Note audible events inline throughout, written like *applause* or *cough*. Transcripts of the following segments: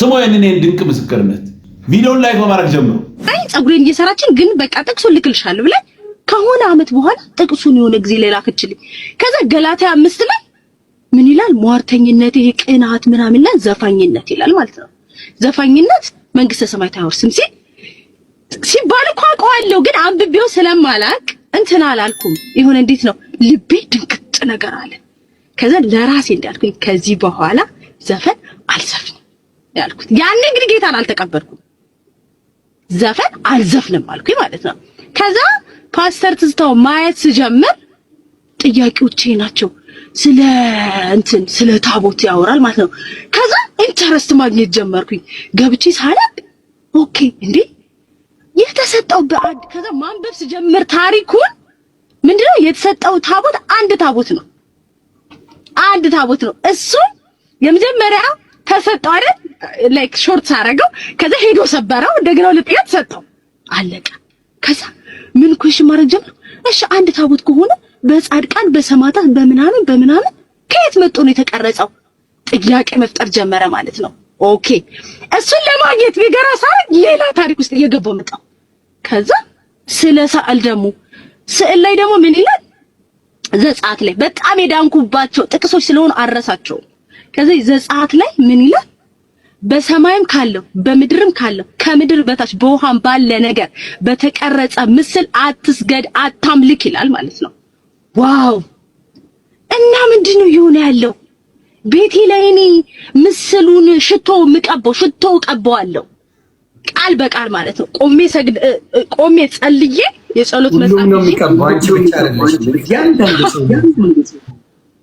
ስሙ ያንን ድንቅ ምስክርነት ቪዲዮን ላይክ በማድረግ ጀምሮ አይ ጸጉሬን እየሰራችን ግን በቃ ጥቅሱ ልክልሻለሁ ብላ ከሆነ አመት በኋላ ጥቅሱን የሆነ ጊዜ ላከችልኝ። ከዛ ገላትያ አምስት ላይ ምን ይላል? ሟርተኝነት፣ ይሄ ቅናት ምናምንና ዘፋኝነት ይላል ማለት ነው። ዘፋኝነት መንግስተ ሰማያት አያወርስም ሲል ሲባል እኮ አውቀዋለሁ፣ ግን አንብቤው ስለማላቅ እንትን አላልኩም። የሆነ እንዴት ነው ልቤ ድንቅጥ ነገር አለ። ከዛ ለራሴ እንዳልኩኝ ከዚህ በኋላ ዘፈን አልዘፍንም ያልኩት ያኔ እንግዲህ ጌታን አልተቀበልኩም ዘፈን አልዘፍንም አልኩኝ ማለት ነው። ከዛ ፓስተር ትዝታው ማየት ስጀምር ጥያቄዎቼ ናቸው። ስለ እንትን ስለ ታቦት ያወራል ማለት ነው። ከዛ ኢንተረስት ማግኘት ጀመርኩኝ። ገብቼ ሳለብ ኦኬ እንዴ የተሰጠው በአንድ ከዛ ማንበብ ስጀምር ታሪኩን ምንድነው የተሰጠው ታቦት አንድ ታቦት ነው። አንድ ታቦት ነው። እሱም የመጀመሪያው ተሰጠው አይደል? ላይክ ሾርት ሳረገው ከዛ ሄዶ ሰበረው። እንደገና ለጥያት ሰጠው አለቀ። ከዛ ምን ኩሽ ማድረግ ጀመር። እሺ አንድ ታቦት ከሆነ በጻድቃን በሰማታት በምናምን በምናምን ከየት መጥቶ ነው የተቀረጸው? ጥያቄ መፍጠር ጀመረ ማለት ነው። ኦኬ እሱን ለማግኘት ቢገራ ሳይ ሌላ ታሪክ ውስጥ እየገባው መጣው። ከዛ ስለ ሰዓል ደግሞ ስዕል ላይ ደግሞ ምን ይላል? ዘጻት ላይ በጣም የዳንኩባቸው ጥቅሶች ስለሆኑ አረሳቸውም ከዚህ ዘጸአት ላይ ምን ይላል? በሰማይም ካለው በምድርም ካለው ከምድር በታች በውሃም ባለ ነገር በተቀረጸ ምስል አትስገድ አታምልክ ይላል ማለት ነው። ዋው! እና ምንድን ነው እየሆነ ያለው? ቤቴ ላይ እኔ ምስሉን ሽቶ ምቀባው ሽቶ ቀባዋለሁ ቃል በቃል ማለት ነው። ቆሜ ሰግድ ቆሜ ጸልዬ የጸሎት መጽሐፍ ነው የሚቀባው። አንቺ ብቻ አይደለሽ እያንዳንዱ ሰው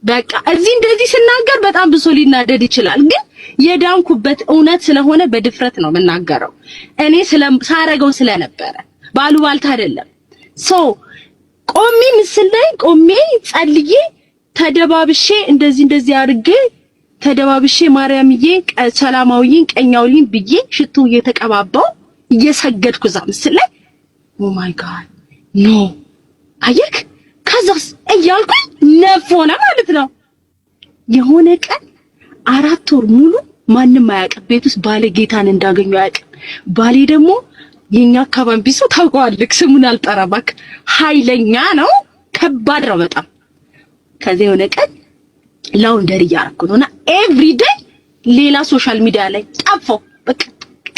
በቃ እዚህ እንደዚህ ስናገር በጣም ብሶ ሊናደድ ይችላል፣ ግን የዳንኩበት እውነት ስለሆነ በድፍረት ነው የምናገረው። እኔ ሳረገው ስለነበረ ባሉ ባልታ አይደለም። ሶ ቆሜ ምስል ላይ ቆሜ ጸልዬ ተደባብሼ እንደዚህ እንደዚህ አድርጌ ተደባብሼ ማርያምዬ ሰላማዊን ቀኛውሊን ብዬ ሽቱ እየተቀባባው እየሰገድኩ እዛ ምስል ላይ ኦ ማይ ጋድ ኖ አየክ ከዛስ እያልኩኝ ነፍ ማለት ነው። የሆነ ቀን አራት ወር ሙሉ ማንም አያውቅም ቤት ውስጥ ባለ ጌታን እንዳገኙ አያውቅም። ባሌ ደግሞ የኛ አካባቢ ሰው ታውቀዋለህ፣ ስሙን አልጠራም እባክህ። ኃይለኛ ነው፣ ከባድ ነው በጣም። ከዚያ የሆነ ቀን ላውንደሪ እያደረኩ ነውና ኤቭሪዴይ ሌላ ሶሻል ሚዲያ ላይ ጠፋው። በቃ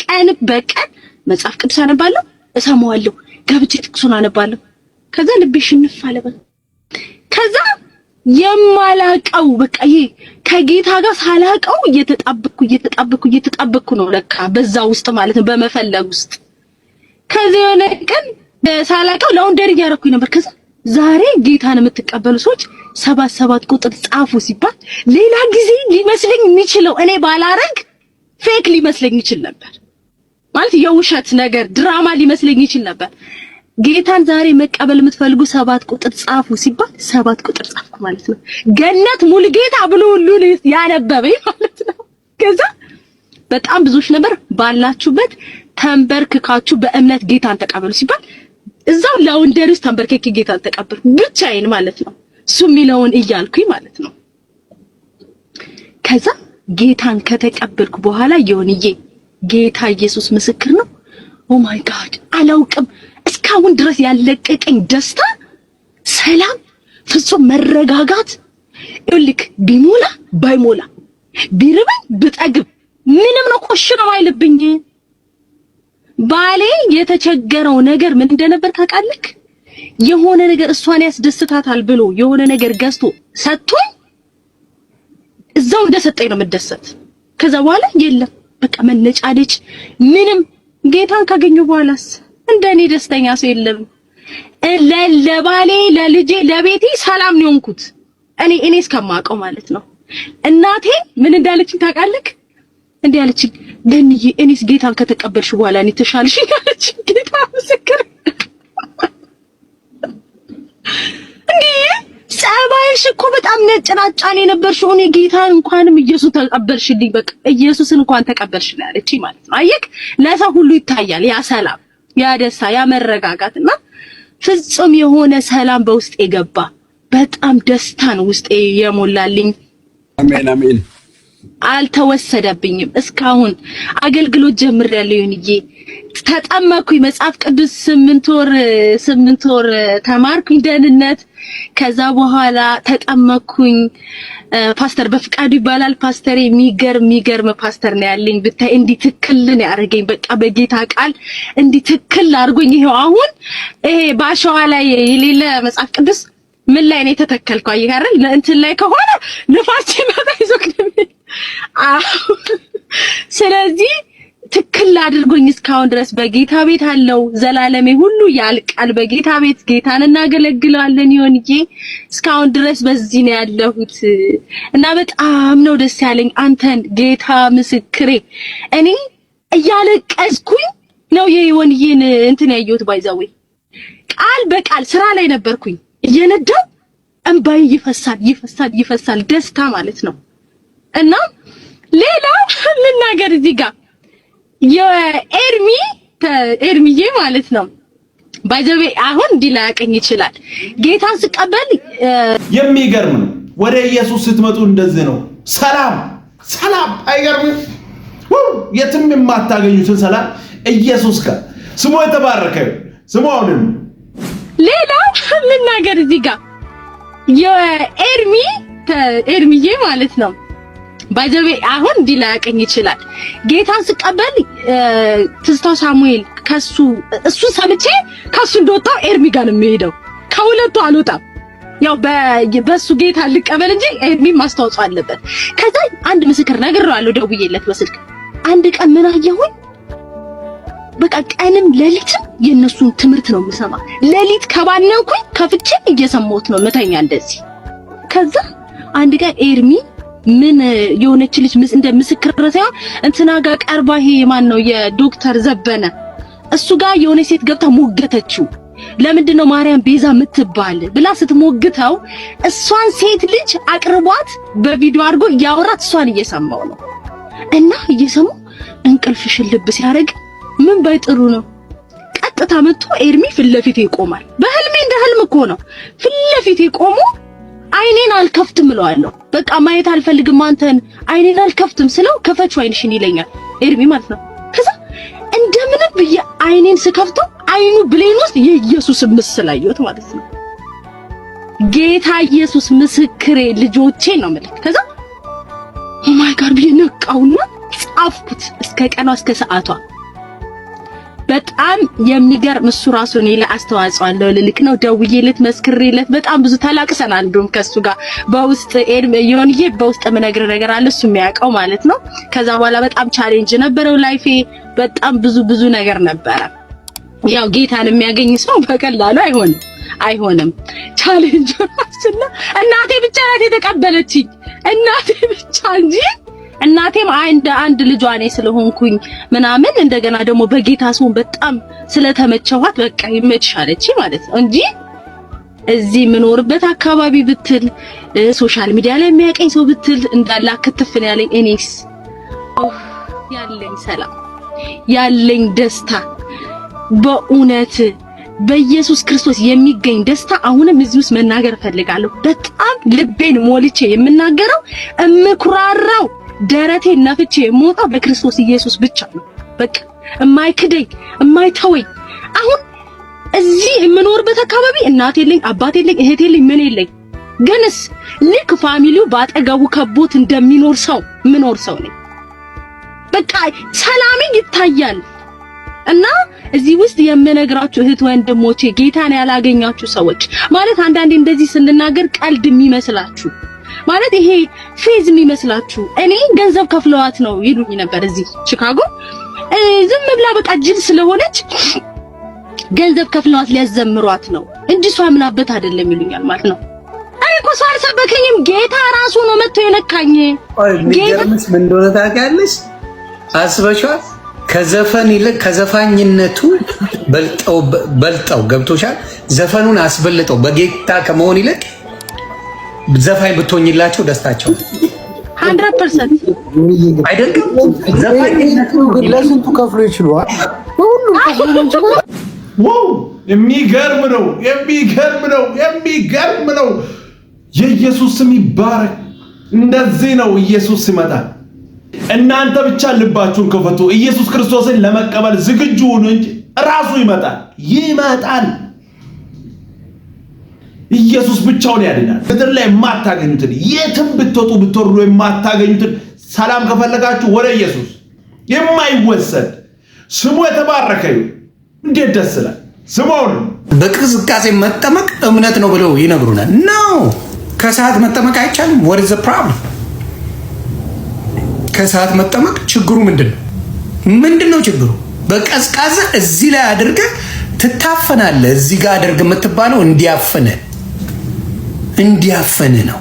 ቀን በቀን መጽሐፍ ቅዱስ አነባለሁ፣ እሰማዋለሁ፣ ገብቼ ጥቅሱን አነባለሁ። ከዛ ልቤ ሽንፍ ከዛ የማላቀው በቃ ይሄ ከጌታ ጋር ሳላቀው እየተጣበኩ እየተጣበኩ እየተጣበኩ ነው ለካ በዛ ውስጥ ማለት ነው በመፈለግ ውስጥ። ከዚህ የሆነ ቀን ሳላቀው ላውንደሪ እያደረኩኝ ነበር። ከዛ ዛሬ ጌታን የምትቀበሉ ሰዎች ሰባት ሰባት ቁጥር ጻፉ ሲባል ሌላ ጊዜ ሊመስለኝ የሚችለው እኔ ባላረግ ፌክ ሊመስለኝ ይችል ነበር ማለት የውሸት ነገር ድራማ ሊመስለኝ ይችል ነበር። ጌታን ዛሬ መቀበል የምትፈልጉ ሰባት ቁጥር ጻፉ ሲባል ሰባት ቁጥር ጻፍኩ ማለት ነው። ገነት ሙሉ ጌታ ብሎ ሁሉ ያነበበ ማለት ነው። ከዛ በጣም ብዙዎች ነበር ባላችሁበት ተንበርክካችሁ በእምነት ጌታን ተቀበሉ ሲባል እዛው ላውንደሪ ውስጥ ጌታን ተቀበሉ ብቻዬን ማለት ነው። እሱ የሚለውን እያልኩኝ ማለት ነው። ከዛ ጌታን ከተቀበልኩ በኋላ የሆንዬ ጌታ ኢየሱስ ምስክር ነው። ኦ ማይ ጋድ አላውቅም እስካሁን ድረስ ያለቀቀኝ ደስታ፣ ሰላም፣ ፍጹም መረጋጋት እልክ ቢሞላ ባይሞላ ቢርበኝ ብጠግብ ምንም ነው ቆሽ ነው አይልብኝ። ባሌ የተቸገረው ነገር ምን እንደነበር ታውቃለህ? የሆነ ነገር እሷን ያስደስታታል ብሎ የሆነ ነገር ገዝቶ ሰጥቶኝ እዛው እንደሰጠኝ ነው የምደሰት። ከዛ በኋላ የለም በቃ ልጅ ምንም ጌታን ካገኘሁ በኋላስ እንደኔ ደስተኛ ሰው የለም። ለባሌ፣ ለልጄ፣ ለቤቴ ሰላም ነው የሆንኩት እኔ እኔ እስከማውቀው ማለት ነው። እናቴ ምን እንዳለችኝ ታውቃለህ? እንዲህ አለችኝ፣ ገንዬ እኔስ ጌታን ከተቀበልሽ በኋላ እኔ ተሻልሽ *laughs* አለችኝ። ጌታ ምስክር እንዲህ ጸባይሽ እኮ በጣም ነጭ ናጫን የነበርሽው እኔ ጌታን እንኳንም ኢየሱስ ተቀበልሽልኝ፣ በቃ ኢየሱስን እንኳን ተቀበልሽ አለችኝ ማለት ነው። አየክ ለሰው ሁሉ ይታያል ያ ሰላም ያ ደስታ ያ መረጋጋትና ፍጹም የሆነ ሰላም በውስጥ የገባ በጣም ደስታ ነው ውስጤ የሞላልኝ። አሜን አሜን። አልተወሰደብኝም። እስካሁን አገልግሎት ጀምሬያለሁ። ይሁንዬ ተጠመኩኝ። መጽሐፍ ቅዱስ ስምንት ወር ስምንት ወር ተማርኩኝ ደህንነት። ከዛ በኋላ ተጠመኩኝ። ፓስተር በፍቃዱ ይባላል ፓስተር። የሚገርም የሚገርም ፓስተር ነው ያለኝ። ብታይ እንዲህ ትክል ነው ያደረገኝ። በቃ በጌታ ቃል እንዲህ ትክል አድርጎኝ ይሄው አሁን ይሄ በአሸዋ ላይ የሌለ መጽሐፍ ቅዱስ ምን ላይ ነው የተተከልከው? አይቀር እንትን ላይ ከሆነ ንፋስ ሲመጣ ይዞክ ስለዚህ ትክክል አድርጎኝ እስካሁን ድረስ በጌታ ቤት አለው። ዘላለሜ ሁሉ ያልቃል በጌታ ቤት ጌታን እናገለግለዋለን። ይሆንዬ እስካሁን ድረስ በዚህ ነው ያለሁት እና በጣም ነው ደስ ያለኝ። አንተን ጌታ ምስክሬ፣ እኔ እያለቀስኩኝ ነው የሆንዬን እንትን ያየሁት። ባይዛዌ ቃል በቃል ስራ ላይ ነበርኩኝ እየነዳ እንባይ ይፈሳል ይፈሳል ይፈሳል። ደስታ ማለት ነው። እና ሌላ *laughs* ልናገር እዚህ ጋር የኤርሚ ኤርሚዬ ማለት ነው ባይዘቤ አሁን እንዲህ ላያቀኝ ይችላል። ጌታን ስቀበል የሚገርም ነው። ወደ ኢየሱስ ስትመጡ እንደዚህ ነው። ሰላም ሰላም፣ አይገርምም? የትም የማታገኙትን ሰላም ኢየሱስ ጋር ስሙ የተባረከ ስሙ። አሁንም ሌላ ሀሳብ ልናገር እዚህ ጋር የኤርሚ ኤርሚዬ ማለት ነው ባይዘቤ አሁን እንዲህ ላያቀኝ ይችላል። ጌታን ስቀበል ትዝታው ሳሙኤል ከሱ እሱ ሰምቼ ከሱ እንደወጣው ኤርሚ ጋር ነው የሚሄደው። ከሁለቱ አልወጣም። ያው በሱ ጌታ ልቀበል እንጂ ኤርሚ ማስታወጽ አለበት። ከዛ አንድ ምስክር ነግሬዋለሁ፣ ደውዬለት በስልክ አንድ ቀን ምን አየሁኝ በቃ ቀንም ሌሊትም የእነሱን ትምህርት ነው የምሰማ። ሌሊት ከባነንኩኝ ከፍቼ እየሰማሁት ነው ምተኛ እንደዚህ። ከዛ አንድ ቀን ኤርሚ ምን የሆነች ልጅ እንደ ምስክር ሳይሆን እንትና ጋር ቀርባ ይሄ ማን ነው የዶክተር ዘበነ እሱ ጋር የሆነ ሴት ገብታ ሞገተችው። ለምንድን ነው ማርያም ቤዛ የምትባል ብላ ስትሞግተው እሷን ሴት ልጅ አቅርቧት በቪዲዮ አድርጎ እያወራት እሷን እየሰማው ነው እና እየሰሙ እንቅልፍ ሽልብ ሲያደርግ ምን ባይጥሩ ነው? ቀጥታ መጥቶ ኤርሚ ፊት ለፊቴ ይቆማል። በህልሜ እንደ ህልም እኮ ነው። ፊት ለፊቴ ቆሞ አይኔን አልከፍትም እለዋለሁ። በቃ ማየት አልፈልግም አንተን፣ አይኔን አልከፍትም ስለው ከፈቹ አይንሽን ይለኛል ኤርሚ ማለት ነው። ከዛ እንደምንም ብዬ አይኔን ስከፍተው አይኑ ብሌን ውስጥ የኢየሱስ ምስል አየሁት ማለት ነው። ጌታ ኢየሱስ ምስክሬ ልጆቼ ነው ማለት ከዛ ኦ ማይ ጋድ ብዬ ነቃውና ጻፍኩት እስከ ቀኗ እስከ ሰዓቷ በጣም የሚገርም እሱ ራሱ እኔ ላይ አስተዋጽኦ አለው ልልክ ነው ደውዬለት መስክሬለት በጣም ብዙ ተላቅሰናል። እንደውም ከሱ ጋር በውስጥ የሆንዬ በውስጥ የምነግር ነገር አለ እሱ የሚያውቀው ማለት ነው። ከዛ በኋላ በጣም ቻሌንጅ ነበረው ላይፌ፣ በጣም ብዙ ብዙ ነገር ነበረ። ያው ጌታን የሚያገኝ ሰው በቀላሉ አይሆንም አይሆንም ቻሌንጅ ራስና እናቴ ብቻ ናት የተቀበለችኝ እናቴ ብቻ እንጂ እናቴም እንደ አንድ ልጇ እኔ ስለሆንኩኝ ምናምን እንደገና ደግሞ በጌታ ስሆን በጣም ስለተመቸኋት በቃ ይመችሻለች ማለት ነው እንጂ እዚህ የምኖርበት አካባቢ ብትል ሶሻል ሚዲያ ላይ የሚያቀኝ ሰው ብትል እንዳላ ክትፍን ያለኝ እኔስ ያለኝ ሰላም ያለኝ ደስታ በእውነት በኢየሱስ ክርስቶስ የሚገኝ ደስታ አሁንም እዚህ ውስጥ መናገር እፈልጋለሁ። በጣም ልቤን ሞልቼ የምናገረው እምኩራራው ደረቴ ነፍቼ ሞታ በክርስቶስ ኢየሱስ ብቻ ነው። በቃ እማይክደኝ እማይተወኝ አሁን እዚህ የምኖርበት አካባቢ እናት የለኝ፣ አባት የለኝ፣ እህት የለኝ፣ ምን የለኝ። ግንስ ልክ ፋሚሊው ባጠገቡ ከቦት እንደሚኖር ሰው ምኖር ሰው ነኝ። በቃ ሰላሜ ይታያል። እና እዚህ ውስጥ የምነግራችሁ እህት ወንድሞቼ፣ ጌታን ያላገኛችሁ ሰዎች ማለት አንዳንዴ እንደዚህ ስንናገር ቀልድ የሚመስላችሁ ማለት ይሄ ፌዝ የሚመስላችሁ እኔ ገንዘብ ከፍለዋት ነው ይሉኝ ነበር እዚህ ቺካጎ ዝም ብላ በቃ ጅል ስለሆነች ገንዘብ ከፍለዋት ሊያዘምሯት ነው እንጂ እሷ ምናበት አይደለም ይሉኛል ማለት ነው። አይ እኮ ሰው አልሰበከኝም። ጌታ ራሱ ነው መጥቶ የነካኝ። ጌታስ ምን እንደሆነ ታውቂያለሽ? አስበሽዋል። ከዘፈን ይልቅ ከዘፋኝነቱ በልጠው በልጠው ገብቶሻል። ዘፈኑን አስበልጠው በጌታ ከመሆን ይልቅ ዘፋኝ ብትሆኝላቸው ደስታቸው ሀንድረድ ፐርሰንት አይደለም። ዘፋኝ ለስንቱ ከፍሎ ይችሏል። የሚገርም ነው፣ የሚገርም ነው፣ የሚገርም ነው። የኢየሱስ ስም ይባረክ። እንደዚህ ነው ኢየሱስ ይመጣል። እናንተ ብቻ ልባችሁን ክፈቱ። ኢየሱስ ክርስቶስን ለመቀበል ዝግጁ ሁኑ እንጂ ራሱ ይመጣል፣ ይመጣል። ኢየሱስ ብቻውን ያድናል። ምድር ላይ የማታገኙትን የትም ብትወጡ ብትወርዱ የማታገኙትን ሰላም ከፈለጋችሁ ወደ ኢየሱስ የማይወሰድ ስሙ የተባረከ ይሁን። እንዴት ደስ ይላል! ስሙን በቅዝቃዜ መጠመቅ እምነት ነው ብለው ይነግሩናል። ነው ከሰዓት መጠመቅ አይቻልም። ወር ዘ ፕሮብለም ከሰዓት መጠመቅ ችግሩ ምንድን ነው? ምንድን ነው ችግሩ? በቀዝቃዛ እዚህ ላይ አድርገ ትታፈናለ እዚህ ጋር አድርግ የምትባለው እንዲያፍንህ እንዲያፈን ነው።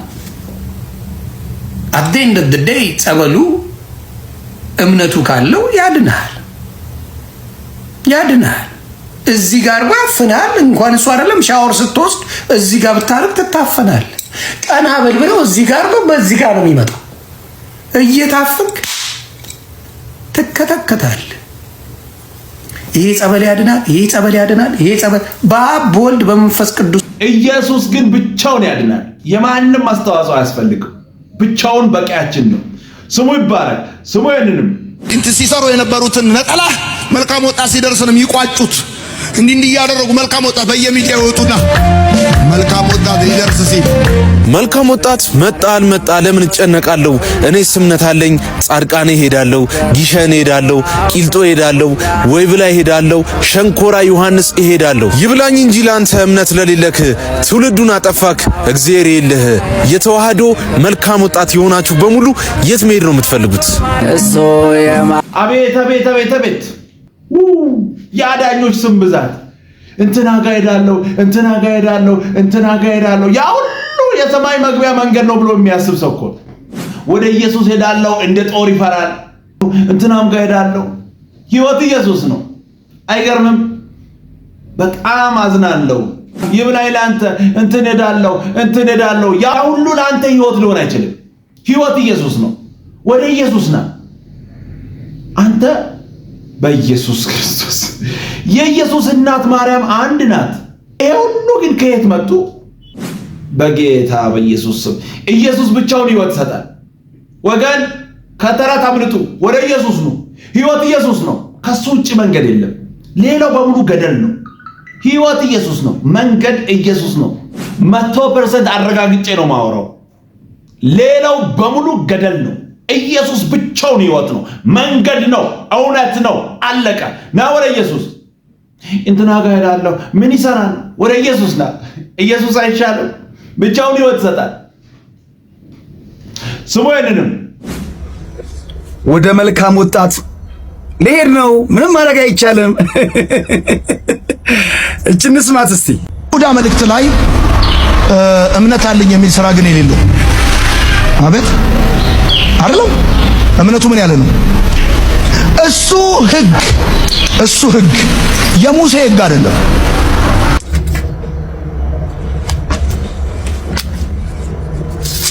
አት ኤንድ ኦፍ ደይ ጸበሉ እምነቱ ካለው ያድናል፣ ያድናል። እዚህ ጋር ያፍናል። እንኳን እሱ አይደለም ሻወር ስትወስድ እዚህ ጋር ብታርግ ትታፈናል። ቀና በል ብለው እዚህ ጋር ነው፣ በዚህ ጋር ነው የሚመጣው። እየታፈንክ ትከተከታል። ይሄ ጸበል ያድናል፣ ይሄ ጸበል ያድናል፣ ይሄ ጸበል በአብ በወልድ በመንፈስ ቅዱስ። ኢየሱስ ግን ብቻውን ያድናል። የማንም አስተዋጽኦ አያስፈልግም። ብቻውን በቂያችን ነው። ስሙ ይባረክ። ስሙ ይንንም እንት ሲሰሩ የነበሩትን ነጠላ መልካም ወጣት ሲደርስ ነው የሚቋጩት። እንዲህ እንዲህ እያደረጉ መልካም ወጣት በየሚዲያ ይወጡና መልካም ወጣት ሊደርስ ሲል መልካም ወጣት መጣ አልመጣ ለምን እጨነቃለሁ? እኔ ስምነት አለኝ። ጻድቃኔ ሄዳለሁ፣ ጊሸን ሄዳለሁ፣ ቂልጦ ሄዳለሁ፣ ወይብላ ብላ ሄዳለሁ፣ ሸንኮራ ዮሐንስ ሄዳለሁ። ይብላኝ እንጂ ላንተ እምነት ለሌለክ ትውልዱን አጠፋክ እግዚአብሔር የለህ። የተዋህዶ መልካም ወጣት የሆናችሁ በሙሉ የት መሄድ ነው የምትፈልጉት? አቤት አቤት አቤት አቤት የአዳኞች ስም ብዛት እንትና ጋ ሄዳለሁ፣ እንትና ጋ ሄዳለሁ፣ እንትና ጋ ሄዳለሁ። ያ ሁሉ የሰማይ መግቢያ መንገድ ነው ብሎ የሚያስብ ሰው እኮ ወደ ኢየሱስ ሄዳለሁ እንደ ጦር ይፈራል። እንትናም ጋ ሄዳለሁ። ህይወት ኢየሱስ ነው። አይገርምም? በጣም አዝናለሁ። ይብላኝ ለአንተ እንትን ሄዳለሁ፣ እንትን ሄዳለሁ። ያ ሁሉ ለአንተ ህይወት ሊሆን አይችልም። ህይወት ኢየሱስ ነው። ወደ ኢየሱስ ና አንተ በኢየሱስ ክርስቶስ የኢየሱስ እናት ማርያም አንድ ናት። ይሄ ሁሉ ግን ከየት መጡ? በጌታ በኢየሱስ ስም ኢየሱስ ብቻውን ህይወት ይሰጣል። ወገን ከተረት አምልጡ፣ ወደ ኢየሱስ ነው። ህይወት ኢየሱስ ነው። ከሱ ውጭ መንገድ የለም። ሌላው በሙሉ ገደል ነው። ህይወት ኢየሱስ ነው። መንገድ ኢየሱስ ነው። መቶ ፐርሰንት አረጋግጬ ነው ማወራው። ሌላው በሙሉ ገደል ነው። ኢየሱስ ብቻውን ህይወት ነው፣ መንገድ ነው፣ እውነት ነው። አለቀ። ና ወደ ኢየሱስ። እንትና ጋር ሄዳለሁ ምን ይሰራል? ወደ ኢየሱስ ና። ኢየሱስ አይሻልም? ብቻውን ህይወት ይሰጣል። ስሙ ይንንም ወደ መልካም ወጣት ልሄድ ነው። ምንም ማድረግ አይቻልም። *laughs* እችን ስማት እስቲ። ይሁዳ መልእክት ላይ እምነት አለኝ የሚል ስራ ግን የሌለው አቤት አይደለም። እምነቱ ምን ያለ ነው? እሱ ህግ እሱ ህግ የሙሴ ህግ አይደለም።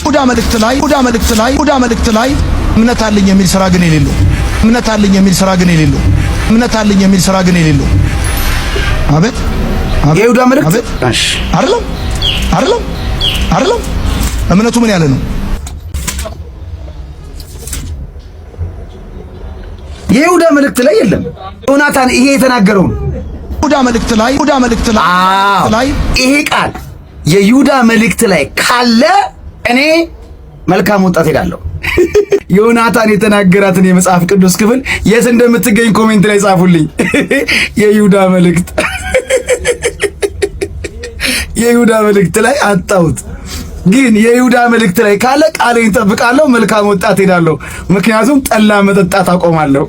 ሁዳ መልእክት ላይ ሁዳ መልእክት ላይ ሁዳ መልእክት ላይ እምነት አለኝ የሚል ስራ ግን የሌለው እምነት አለኝ የሚል ስራ ግን የሌለው እምነት አለኝ የሚል ስራ ግን የሌለው አቤት የሁዳ መልእክት አይደለም አይደለም አይደለም። እምነቱ ምን ያለ ነው? የይሁዳ መልእክት ላይ የለም። ዮናታን ይሄ የተናገረውን ይሁዳ መልእክት ላይ ይሁዳ መልእክት ላይ ይሄ ቃል የይሁዳ መልእክት ላይ ካለ እኔ መልካም ወጣት ሄዳለሁ። *laughs* ዮናታን የተናገራትን የመጽሐፍ ቅዱስ ክፍል የት እንደምትገኝ ኮሜንት ላይ ጻፉልኝ። *laughs* የይሁዳ መልእክት *laughs* የይሁዳ መልእክት ላይ አጣሁት። ግን የይሁዳ መልእክት ላይ ካለ ቃሌን ጠብቃለሁ፣ መልካም ወጣት ሄዳለሁ፣ ምክንያቱም ጠላ መጠጣት አቆማለሁ።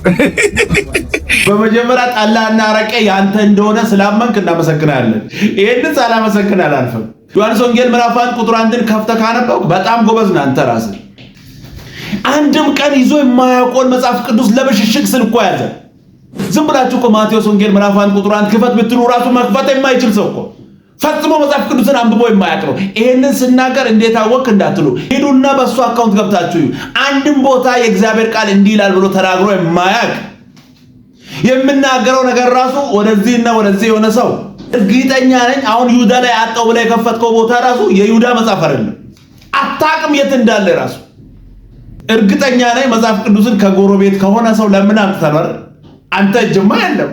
*laughs* በመጀመሪያ ጠላ እና አረቄ ያንተ እንደሆነ ስላመንክ እናመሰግናለን። ይህንን ሳላመሰግን አላልፍም። ዮሐንስ ወንጌል ምዕራፍ አንድ ቁጥር አንድን ከፍተህ ካነበብክ በጣም ጎበዝ ነህ አንተ ራስህ። አንድም ቀን ይዞ የማያውቀውን መጽሐፍ ቅዱስ ለብሽሽቅ ስልኮ ያዘ። ዝም ብላችሁ እኮ ማቴዎስ ወንጌል ምዕራፍ አንድ ቁጥር አንድ ክፈት ብትሉ ራሱ መክፈት የማይችል ሰው እኮ ፈጽሞ መጽሐፍ ቅዱስን አንብቦ የማያውቅ ነው። ይሄንን ስናገር እንዴት አወቅ እንዳትሉ ሂዱና በእሱ አካውንት ገብታችሁ አንድም ቦታ የእግዚአብሔር ቃል እንዲህ ይላል ብሎ ተናግሮ የማያውቅ የምናገረው ነገር ራሱ ወደዚህና ወደዚህ የሆነ ሰው እርግጠኛ ነኝ። አሁን ይሁዳ ላይ አጣው ብላ የከፈትከው ቦታ ራሱ የይሁዳ መጽሐፍ አይደለም። አታቅም የት እንዳለ ራሱ እርግጠኛ ነኝ። መጽሐፍ ቅዱስን ከጎረቤት ከሆነ ሰው ለምን አምጥተህ አንተ እጅማ የለም፣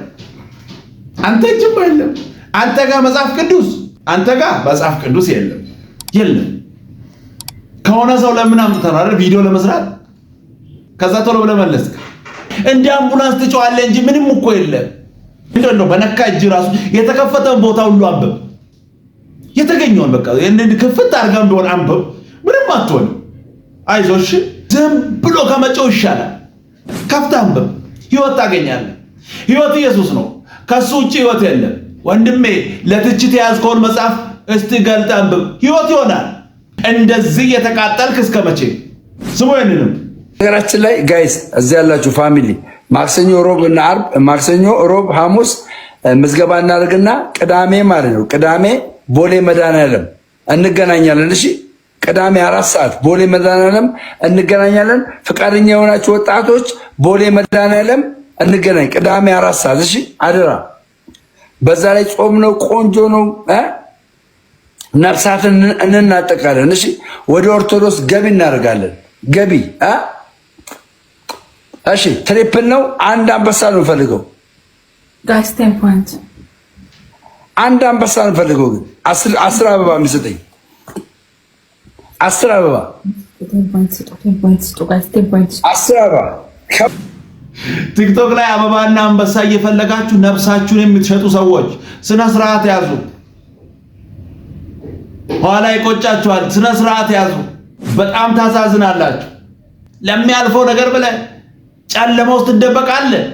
አንተ እጅማ የለም። አንተ ጋር መጽሐፍ ቅዱስ አንተ ጋር መጽሐፍ ቅዱስ የለም የለም። ከሆነ ሰው ለምን አምጥተነው አይደል ቪዲዮ ለመስራት? ከዛ ቶሎ ብለህ መለስክ። እንደ አምቡላንስ ትጮኻለህ እንጂ ምንም እኮ የለም። እንደው ነው በነካ እጅ ራሱ የተከፈተውን ቦታ ሁሉ አንብብ። የተገኘውን በቃ እንደ ክፍት አድርገህ ቢሆን አንብብ። ምንም አትሆን። አይዞሽ ዝም ብሎ ከመጮህ ይሻላል። ከፍተህ አንብብ፣ ህይወት ታገኛለህ። ህይወት ኢየሱስ ነው። ከሱ ውጭ ህይወት የለም። ወንድሜ ለትችት የያዝከውን መጽሐፍ እስቲ ገልጠህ አንብብ፣ ህይወት ይሆናል። እንደዚህ የተቃጠልክ እስከ መቼ? ስሙ ይንንም ነገራችን ላይ ጋይስ፣ እዚህ ያላችሁ ፋሚሊ ማክሰኞ፣ ሮብ እና አርብ፣ ማክሰኞ፣ ሮብ፣ ሐሙስ ምዝገባ እናደርግና ቅዳሜ ማለት ነው ቅዳሜ ቦሌ መድኃኒዓለም እንገናኛለን። እሺ ቅዳሜ አራት ሰዓት ቦሌ መድኃኒዓለም እንገናኛለን። ፈቃደኛ የሆናችሁ ወጣቶች ቦሌ መድኃኒዓለም እንገናኝ፣ ቅዳሜ አራት ሰዓት እሺ፣ አደራ በዛ ላይ ጾም ነው፣ ቆንጆ ነው። ነፍሳትን እንናጠቃለን። እሺ ወደ ኦርቶዶክስ ገቢ እናደርጋለን። ገቢ እሺ፣ ትሪፕል ነው። አንድ አንበሳ ነው ፈልገው፣ አንድ አንበሳ ነው ፈልገው። ግን አስር አበባ የሚሰጠኝ አስር አበባ አስር አበባ ቲክቶክ ላይ አበባና አንበሳ እየፈለጋችሁ ነፍሳችሁን የምትሸጡ ሰዎች ስነ ስርዓት ያዙ። ኋላ ይቆጫችኋል። ስነ ስርዓት ያዙ። በጣም ታሳዝናላችሁ። ለሚያልፈው ነገር ብለህ ጨለማ ውስጥ ትደበቃለህ።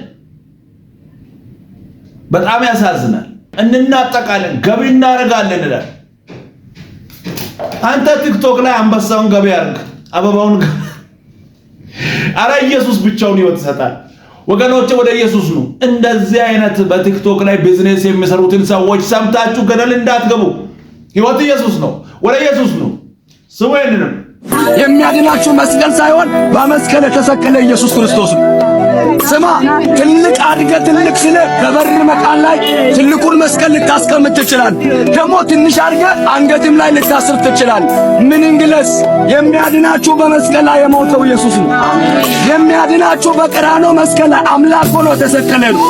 በጣም ያሳዝናል። እንናጠቃለን፣ ገቢ እናደርጋለን እንላለን። አንተ ቲክቶክ ላይ አንበሳውን ገቢ አድርግ፣ አበባውን። አረ ኢየሱስ ብቻውን ህይወት ይሰጣል። ወገኖች ወደ ኢየሱስ ኑ እንደዚህ አይነት በቲክቶክ ላይ ቢዝነስ የሚሰሩትን ሰዎች ሰምታችሁ ገደል እንዳትገቡ። ህይወት ኢየሱስ ነው። ወደ ኢየሱስ ኑ። ስሙ ይህንንም የሚያድናችሁ መስቀል ሳይሆን በመስቀል የተሰቀለ ኢየሱስ ክርስቶስ ነው። ስማ፣ ትልቅ አድገ ትልቅ ስለ በበር መቃን ላይ ትልቁን መስቀል ልታስቀምጥ ትችላል። ደግሞ ትንሽ አድገ አንገትም ላይ ልታስር ትችላል። ምን እንግለስ? የሚያድናችሁ በመስቀል ላይ የሞተው ኢየሱስ ነው። የሚያድናችሁ በቀራኖ መስቀል ላይ አምላክ ሆኖ ተሰቀለ ነው።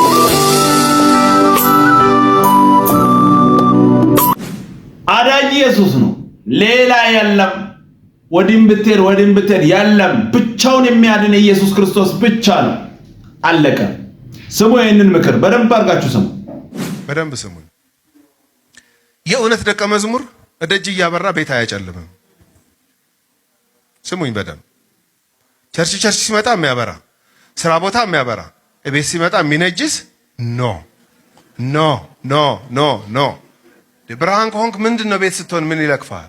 አዳጅ ኢየሱስ ነው፣ ሌላ የለም። ወዲም ብትሄድ ወዲም ብትሄድ የለም። ብቻውን የሚያድን ኢየሱስ ክርስቶስ ብቻ ነው። አለቀ። ስሙ፣ ይህንን ምክር በደንብ አድርጋችሁ ስሙ፣ በደንብ ስሙ። የእውነት ደቀ መዝሙር እደጅ እያበራ ቤት አያጨልምም። ስሙኝ በደንብ ቸርች ቸርች ሲመጣ የሚያበራ ስራ ቦታ የሚያበራ ቤት ሲመጣ የሚነጅስ ኖ ኖ ኖ ኖ ኖ። ብርሃን ከሆንክ ምንድን ነው ቤት ስትሆን ምን ይለቅፋል?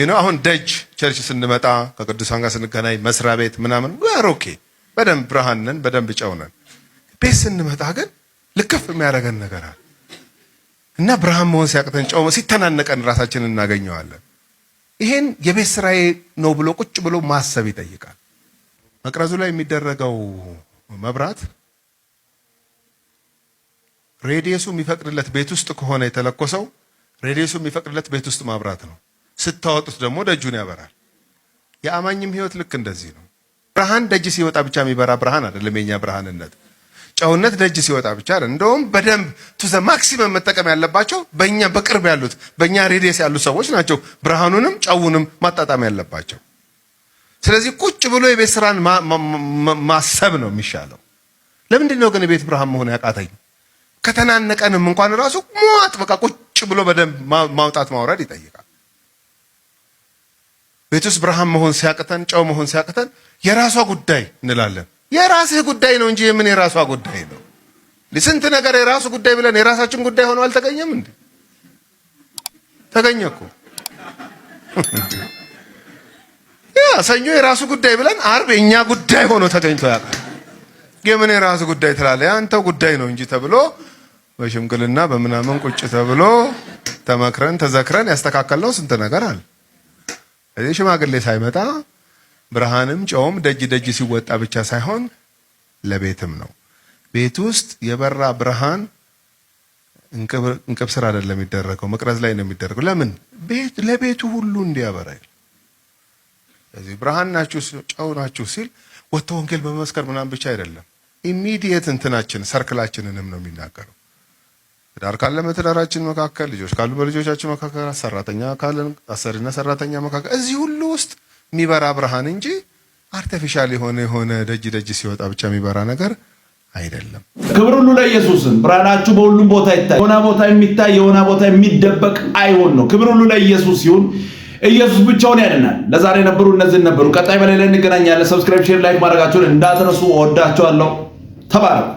ዩኖ አሁን ደጅ ቸርች ስንመጣ ከቅዱሳን ጋር ስንገናኝ መስሪያ ቤት ምናምን ኦኬ፣ በደንብ ብርሃን ነን፣ በደንብ ጨው ነን። ቤት ስንመጣ ግን ልክፍ የሚያደርገን ነገር አለ እና ብርሃን መሆን ሲያቅተን ጨው ሲተናነቀን ራሳችንን እናገኘዋለን። ይሄን የቤት ስራዬ ነው ብሎ ቁጭ ብሎ ማሰብ ይጠይቃል። መቅረዙ ላይ የሚደረገው መብራት ሬዲየሱ የሚፈቅድለት ቤት ውስጥ ከሆነ የተለኮሰው ሬዲየሱ የሚፈቅድለት ቤት ውስጥ ማብራት ነው። ስታወጡት ደግሞ ደጁን ያበራል። የአማኝም ህይወት ልክ እንደዚህ ነው። ብርሃን ደጅ ሲወጣ ብቻ የሚበራ ብርሃን አይደለም። የኛ ብርሃንነት ጨውነት ደጅ ሲወጣ ብቻ አይደለም። እንደውም በደንብ ቱዘ ማክሲመም መጠቀም ያለባቸው በእኛ በቅርብ ያሉት በእኛ ሬዲየስ ያሉት ሰዎች ናቸው። ብርሃኑንም ጨውንም ማጣጣም ያለባቸው። ስለዚህ ቁጭ ብሎ የቤት ስራን ማሰብ ነው የሚሻለው። ለምንድን ነው ግን የቤት ብርሃን መሆን ያቃተኝ? ከተናነቀንም እንኳን ራሱ ሟጥ በቃ ቁጭ ብሎ በደንብ ማውጣት ማውረድ ይጠይቃል። ቤት ውስጥ ብርሃን መሆን ሲያቅተን፣ ጨው መሆን ሲያቅተን የራሷ ጉዳይ እንላለን። የራስህ ጉዳይ ነው እንጂ የምን የራሷ ጉዳይ ነው? ስንት ነገር የራሱ ጉዳይ ብለን የራሳችን ጉዳይ ሆኖ አልተገኘም እንዴ? ተገኘ እኮ ያ ሰኞ የራሱ ጉዳይ ብለን አርብ የእኛ ጉዳይ ሆኖ ተገኝቶ ያውቃል። የምን የራሱ ጉዳይ ትላለህ? የአንተው ጉዳይ ነው እንጂ ተብሎ በሽምግልና በምናምን ቁጭ ተብሎ ተመክረን ተዘክረን ያስተካከልነው ስንት ነገር አለ። እዚህ ሽማግሌ ሳይመጣ ብርሃንም ጨውም ደጅ ደጅ ሲወጣ ብቻ ሳይሆን ለቤትም ነው። ቤት ውስጥ የበራ ብርሃን እንቅብ ስር አይደለም የሚደረገው፣ መቅረዝ ላይ ነው የሚደረገው። ለምን ቤት ለቤቱ ሁሉ እንዲያበራ ስለዚህ ብርሃን ናችሁ ጨው ናችሁ ሲል ወጥቶ ወንጌል በመመስከር ምናምን ብቻ አይደለም ኢሚዲየት እንትናችን ሰርክላችንንም ነው የሚናገረው። ትዳር ካለ በትዳራችን መካከል፣ ልጆች ካሉ በልጆቻችን መካከል፣ ሰራተኛ ካለን አሰሪና ሰራተኛ መካከል፣ እዚህ ሁሉ ውስጥ የሚበራ ብርሃን እንጂ አርቲፊሻል የሆነ የሆነ ደጅ ደጅ ሲወጣ ብቻ የሚበራ ነገር አይደለም። ክብር ሁሉ ለኢየሱስን። ብርሃናችሁ በሁሉም ቦታ ይታይ፣ የሆነ ቦታ የሚታይ የሆነ ቦታ የሚደበቅ አይሆን ነው። ክብር ሁሉ ለኢየሱስ ይሁን። ኢየሱስ ብቻውን ያድናል። ለዛሬ ነበሩ እነዚህ ነበሩ። ቀጣይ በሌላ እንገናኛለን። ሰብስክራይብ፣ ሼር፣ ላይክ ማድረጋችሁን እንዳትረሱ። ወዳችኋለሁ። ተባረኩ።